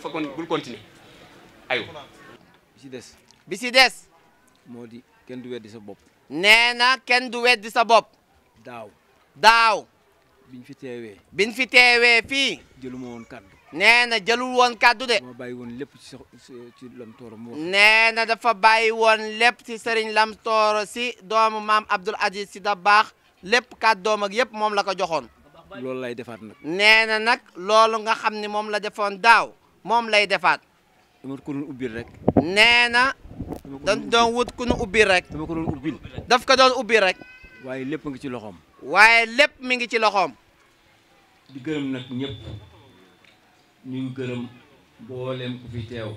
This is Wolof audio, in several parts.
fa ci des bi ci des moo di kenn du sa bopp nee na kenn du weddi sa bopp daaw daaw fi teewee biñ fi teewee fii jëluma woon kaddu nee na jëlul woon kaddu de ma bàyyi lépp ci mu nee na dafa bàyyi woon lépp ci sëriñ lam tooro si doomu maam Abdoul Aziz si da lépp kàddoom ak yëpp moom la ko joxoon loolu lay defaat nag nee nag loolu nga xam ne moom la defoon daaw moom lay defaat. dama ku doon ubbil rek. nee na. dañ doon wut ku nu ubbil rek. ko doon ubbil. daf ko doon ubbil rek. waaye lépp ngi ci loxoom. waaye lépp mi ngi ci loxoom. di gërëm nag ñëpp ñu ngi gërëm mboolem ku fi teew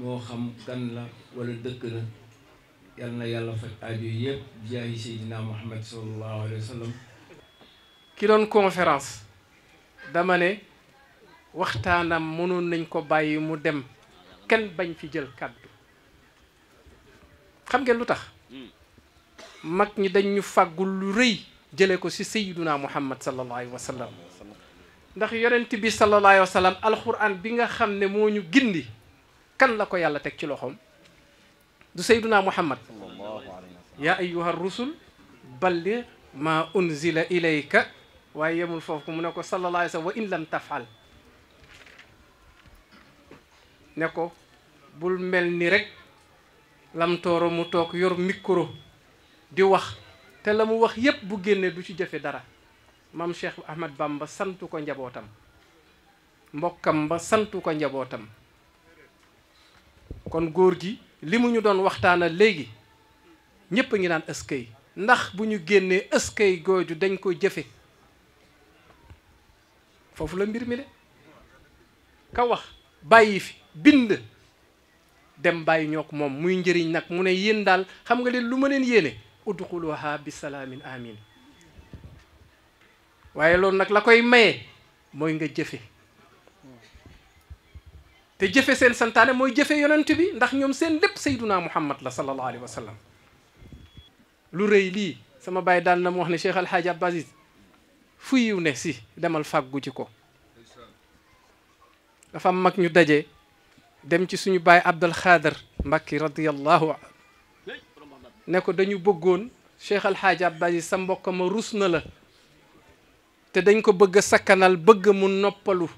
moo xam kan la wala dëkk la yal na yàlla faj aajo yëpp jaayi Seydina Muhammad sallallahu alayhi wa ki doon conférence dama ne. waxtaanam mënoon nañ ko bàyyi mu dem kenn bañ fi jël kàddu xam ngeen lu tax mag ñi dañ ñu fàggul lu rëy jële ko ci sayyiduna muhammad sallallahu alayhi wa sallam ndax yonent bi sallallahu alayhi wa sallam alxuraan bi nga xam ne moo ñu gindi kan la ko yàlla teg ci loxoom du sayyiduna muhammad yaa ayyuha rusul balligh ma unzila ilayka waaye yemul foofu mu ne ko sallallahu wa sallam wa in lam tafal ne ko bul mel ni rekk rek lamtooro mu toog yor micro di wax te la mu wax yépp bu génnee du ci jëfe dara maam Cheikh Ahmad Bamba santu ko njabootam mbokkam ba santu ko njabootam kon góor gi li mu ñu doon waxtaanal léegi ñépp a ngi naan ëskay ndax bu ñu génnee ëskay gooju dañ ko jëfe foofu la mbir mi de ka wax bàyyi fi bind dem bàyyi ñoo ko moom muy njëriñ nag mu ne yéen daal xam nga leen lu ma leen yéene udxuluha bi salaamin amin waaye loolu nag la koy maye mooy nga jëfe te jëfe seen santaane mooy jëfe yonent bi ndax ñoom seen lépp sayduna muhammad la sallallahu alayhi wa sallam lu rëy lii sama bàyyi daan na mu wax ne cheikh alhaaji abdou aziz fu yiw ne si demal fàggu ci ko dafa am mag ñu daje dem ci suñu baay Abdul Xaadar Mbàkki radiyallahu ne ko dañu bëggoon Cheikh Al Hadj sa mbokk ma rus na la te dañ ko bëgg a sakkanal bëgg mu noppalu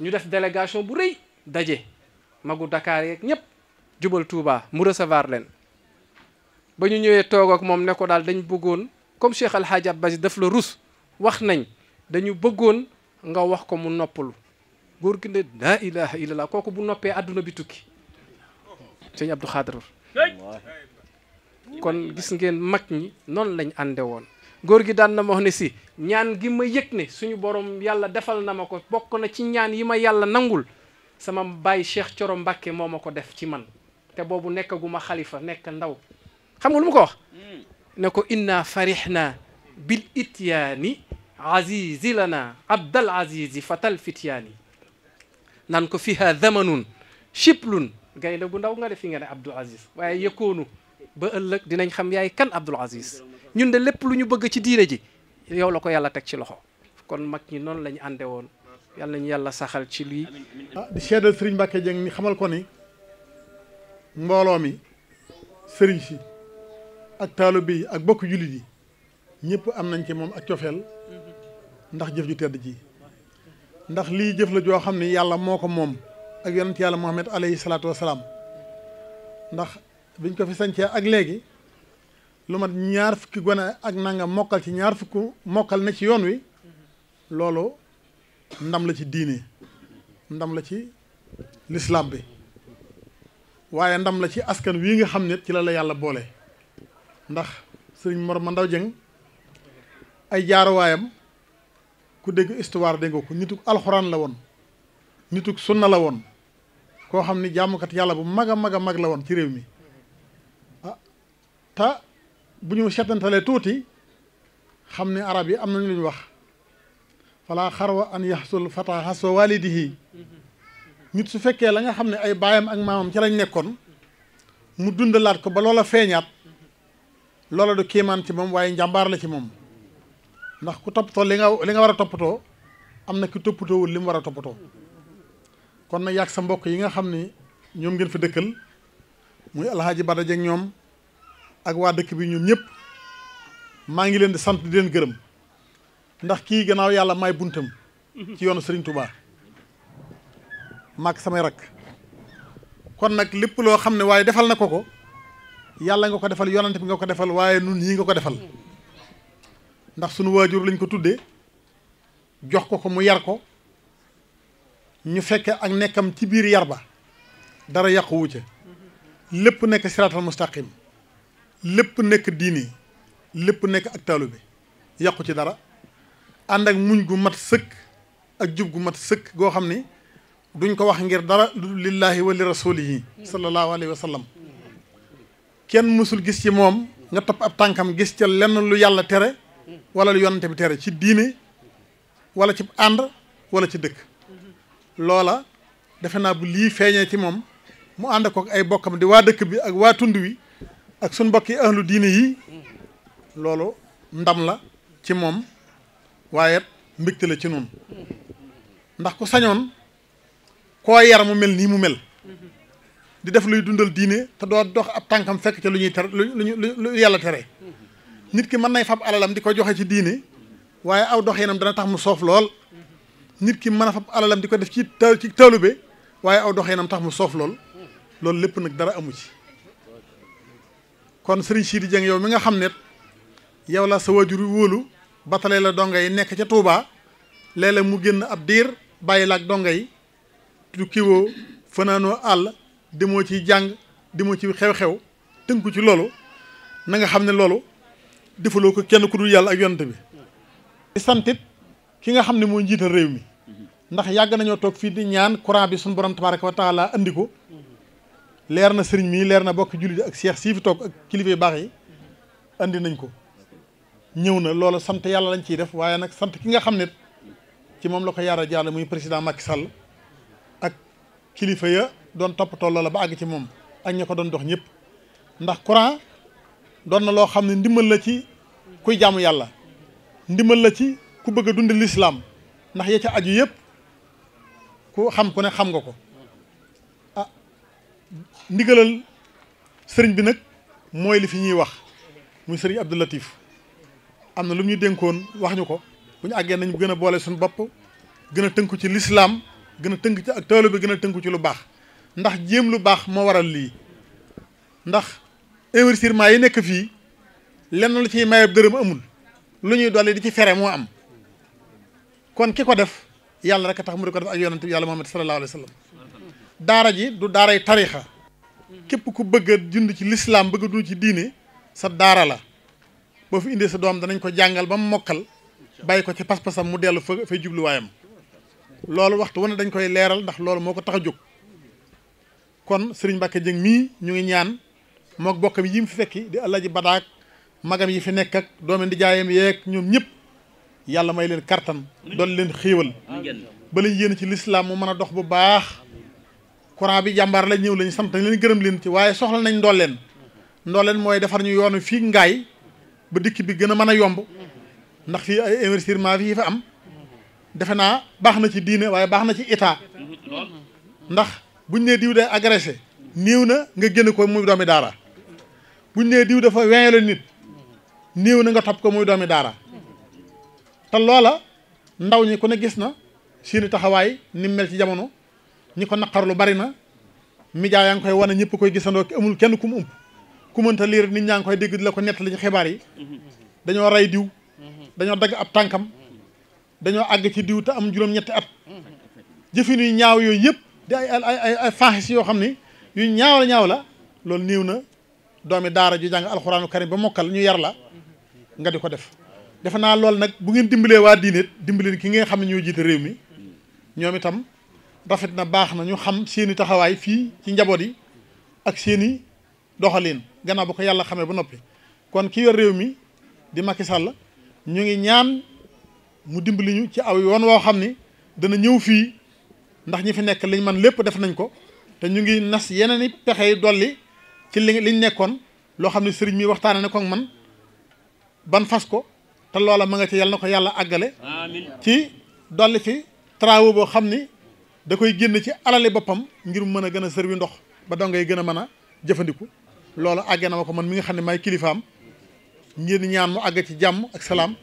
ñu def délégation bu rëy daje magu Dakar yeeg ñëpp jubal Touba mu recevoir leen. ba ñu ñëwee toog ak moom ne ko daal dañ bëggoon comme Cheikh Al Hadj Abdaji daf la rus wax nañ dañu bëggoon nga wax ko mu noppalu. góor gi ne laa ilaha illallah kooku bu noppee àdduna bi tukki sëñ Abdou Khadr kon gis ngeen mag ñi noonu lañ ànde woon góor gi daan na ma wax ne si ñaan gi ma yëg ne suñu borom yàlla defal na ma ko bokk na ci ñaan yi ma yàlla nangul sama baay Cheikh Coro Mbàkke moom ma ko def ci man te boobu nekkaguma xalifa nekk ndaw xam nga lu mu ko wax ne ko inna farihna bil ityaani azizi lana abdal azizi fatal fityaani nan ko fiha zamanun chiplun gaynde bu ndaw nga def fi nga ne Abdou Aziz waaye yëkkoonu ba ëllëg dinañ xam yaay kan Abdou Aziz ñun de lépp lu ñu bëgg ci diine ji yow la ko yàlla teg ci loxo kon mag ñi noonu lañu ñu woon yàlla nañu yàlla saxal ci lii ah di seedal sëriñ Mbacke Dieng ni xamal ko ni mbooloo mi sëriñ si ak taalibe yi ak bokk jullit yi ñëpp am nañ ci moom ak cofeel ndax jëf ju tedd ji ndax lii jëf la joo xam ne yàlla moo ko moom ak yonent yàlla Muhammad alayhi salaatu wasalaam ndax biñ ko fi sancee ak léegi lu mat ñaar fukki gone ak nangam mokkal ci ñaar fukki mokkal na ci yoon wi loolu ndam la ci diini ndam la ci lislaam bi waaye ndam la ci askan wii nga xam ne ci la la yàlla boole ndax sëriñ Mor ma ndaw jëng ay jaaruwaayam ku dégg histoire dégg nga ko nituk alxuraan la woon nituk sunna la woon koo xam ni jaamukat yàlla mag mag mag la woon ci réew mi ah te bu ñu seetantalee tuuti xam ne arab yi am nañu lu ñu wax fala xarwa an yaxsul fata xaswa walidihi nit su fekkee la nga xam ne ay baayam ak maamam ci lañ nekkoon mu dundalaat ko ba loola feeñaat loola du kiimaan ci moom waaye njàmbaar la ci moom ndax ku toppatoo li nga li nga war a toppatoo am na ki toppatoowul li mu war a toppatoo kon nag yàgg sa mbokk yi nga xam ni ñoom ngeen fi dëkkal muy alxaaji Bada Dieng ñoom ak waa dëkk bi ñoom ñëpp maa ngi leen di sant di leen gërëm ndax kii gannaaw yàlla may buntam ci yoonu Serigne Touba maak samay rak kon nag lépp loo xam ne waaye defal na ko ko yàlla nga ko defal yonante bi nga ko defal waaye nun yi nga ko defal ndax sunu waajur lañ ko tuddee jox ko ko mu yar ko ñu fekke ak nekkam ci biir yar ba dara yàquwu ca lépp nekk siraatal mustaqim lépp nekk diini lépp nekk ak bi yàqu ci dara ànd ak muñ gu mat sëkk ak jub gu mat sëkk goo xam ni duñ ko wax ngir dara lillaahi wa li rasulihi sallallahu alayhi wa sallam kenn mësul gis ci moom nga topp ab tànkam gis ca lenn lu yàlla tere wala lu yonante bi tere ci diine wala ci ànd walla ci dëkk loola defe naa bu lii feeñee ci moom mu ànd ko ay bokkam di waa dëkk bi ak waa tund wi ak suñ mbokk yi ahlu diine yi loolu ndam la ci moom waaye mbégte la ci noonu ndax ku sañoon koo yar mu mel nii mu mel di def luy dundal diine te doo dox ab tànkam fekk ca lu ñuy ter lu ñu lu yàlla tere nit ki mën nay fab alalam di ko joxe ci diine waaye aw nam dana tax mu soof lool nit ki mën a fab alalam di ko def ci taw ci taalube waaye aw nam tax mu soof lool loolu lépp nag dara amu ci kon Serigne di Dieng yow mi nga xam ne yow la sa waajur wóolu batale la donga yi nekk ca Touba léeg mu génn ab diir bàyyi la ak donga yi du kiwoo fanaanoo àll demoo ci jàng demoo ci xew-xew tënku ci loolu na nga xam ne loolu defaloo ko kenn ku dul yàlla ak yonent bi di santit ki nga xam ne mooy njiital réew mi ndax yàgg nañoo toog fii di ñaan courant bi suñ borom tabaraka wa taala andi ko leer na sëriñ mii leer na bokk jullit ak seex sii fi toog ak kilifa yu baax yi andi nañ ko ñëw na loolu sant yàlla lañ ciy def waaye nag sant ki nga xam ne ci moom la ko yaara jàll muy président Macky Sall ak kilifa ya doon toppatoo loola ba àgg ci moom ak ña ko doon dox ñëpp ndax loo xam ne ndimbal la ci kuy jàmm yàlla ndimal la ci ku bëgg a dund lislaam ndax ya ca aju yëpp ku xam ku ne xam nga ko ah ndigalal sëriñ bi nag mooy li fi ñuy wax muy sëriñ Abdou Latif am na lu muy dénkoon wax ñu ko bu ñu àggee nañ gën a boole suñu bopp gën a tënku ci lislaam gën a tënk ci ak toolu bi gën a tënku ci lu baax ndax jéem lu baax moo waral lii ndax investissement yi nekk fii lenn lu ciy mayab dërëm amul lu ñuy dolli di ci fere moo am kon ki ko def yàlla rek tax mu di ko def ak yonent bi yàlla Muhammad sallallahu daara ji du daaray tarixa képp ku bëgg a jund ci lislaam bëgg a ci diine sa daara la boo fi indee sa doom danañ ko jàngal ba mu mokkal bàyyi ko ci pas-pasam mu dellu fa fay jubluwaayam loolu waxtu wone dañ koy leeral ndax loolu moo ko tax a jóg kon sëriñ Mbàkke Jëng mii ñu ngi ñaan mook bokkam yi mu fi fekki di Alaaji magam yi fi nekk ak doomi ndijaayam yeeg ñoom ñëpp yàlla may leen kartan doon leen xéewal ba lañ yéen ci lislaam mu mën a dox bu baax courant bi jàmbaar la ñëw lañ sant leen gërëm leen ci waaye soxla nañ ndolleen leen mooy defar ñu yoonu fii ngaay ba dikk bi gën a mën a yomb ndax fii ay investissement fii fa am defe naa baax na ci diine waaye baax na ci état ndax buñ nee diw de agressé néew na nga génn ko mu doomi daara buñ nee diw dafa weñale nit néew na nga topp ko muy doomi daara te loola ndaw ñi ku ne gis na seeni taxawaay ni mel ci jamono ñi ko naqar lu bari na média yaa ngi koy wane ñëpp koy gisandoo amul kenn ku mu ump ku mënta liir nit ñaa ngi koy dégg di la ko nettali ci xibaar yi dañoo rey diw dañoo dagg ab tànkam dañoo àgg ci diw te am juróom-ñetti at jëfin ñaaw yooyu yëpp di ay ay ay faaxis yoo xam ni yu ñaaw la ñaaw la loolu néew na doomi daara ju jàng alxuraanu karim ba mokkal ñu yar la nga di ko def defe naa loolu nag bu ngeen dimbalee waa diine dimbaleen ki nga xam ne ñoo jiite réew mi ñoom itam rafet na baax na ñu xam seeni taxawaay fii ci njaboot yi ak seeni doxalin gannaaw ba ko yàlla xamee ba noppi kon ki yor réew mi di Macky sàll ñu ngi ñaan mu dimbali ñu ci aw yoon woo xam ni dana ñëw fii ndax ñi fi nekk liñ man lépp def nañ ko te ñu ngi nas yeneen i pexe yi dolli ci li liñ nekkoon loo xam ne sëriñ mi waxtaane ne ko man ban fas ko te loola ma nga ci yàlla na ko yàlla àggale ci dolli fi travaux boo xam ni da koy génn ci alale boppam ngir mën a gën a servi ndox ba dongay gën a mën a jëfandiku loolu àggee na ma ko man mi nga xam ne may kilifaam ngeen ñaan mu àgg ci jàmm ak salaam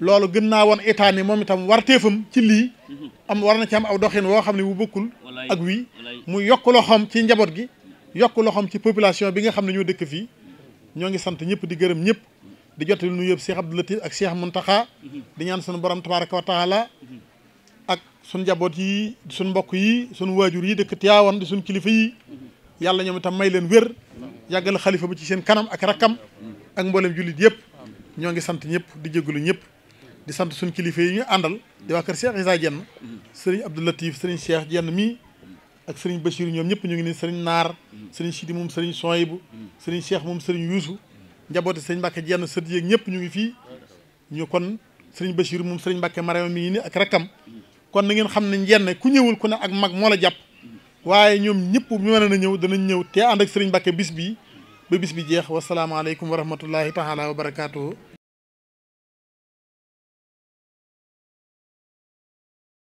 loolu gën naa woon état ni moom itam war warteefam ci lii am war na ci am aw doxin woo xam ne wu bokkul ak wii mu yokk loxoom ci njaboot gi yokk loxoom ci population bi nga xam ne ñoo dëkk fii ñoo ngi sant ñëpp di gërëm ñëpp di jot lu yëpp Cheikh Abdou Latif ak Cheikh Mountakha di ñaan sunu borom tabaraka wa taala ak sunu njaboot yi sunu mbokk yi sunu waajur yi dëkk Tiwaawan di sunu kilifa yi yàlla ñoom itam may leen wér yàggale xalifa ba ci seen kanam ak rakkam ak mboolem jullit yëpp ñoo ngi sant ñëpp di jégalu ñëpp di sant sunu kilifa yi ñu àndal di waa kër Cheikh Issa Diène sëriñ Abdou Latif sëriñ Cheikh jenn mii ak sëriñ Bachir ñoom ñëpp ñu ngi nii sëriñ Naar sëriñ Sidi moom sëriñ Soyibu sëriñ Cheikh moom sëriñ Youssou njabooti sëriñ Mbàkke jenn sët yeeg ñëpp ñu ngi fii ñu kon sëriñ Bachir moom sëriñ Mbàkke Mariama mi ngi ni ak rakkam kon na ngeen xam ne jenn ku ñëwul ku ne ak mag moo la jàpp waaye ñoom ñëpp ñu mën na ñëw danañ ñëw te ànd ak sëriñ Mbàkke bis bi ba bis bi jeex wasalaamaaleykum wa rahmatullahi taala wa barakaatu.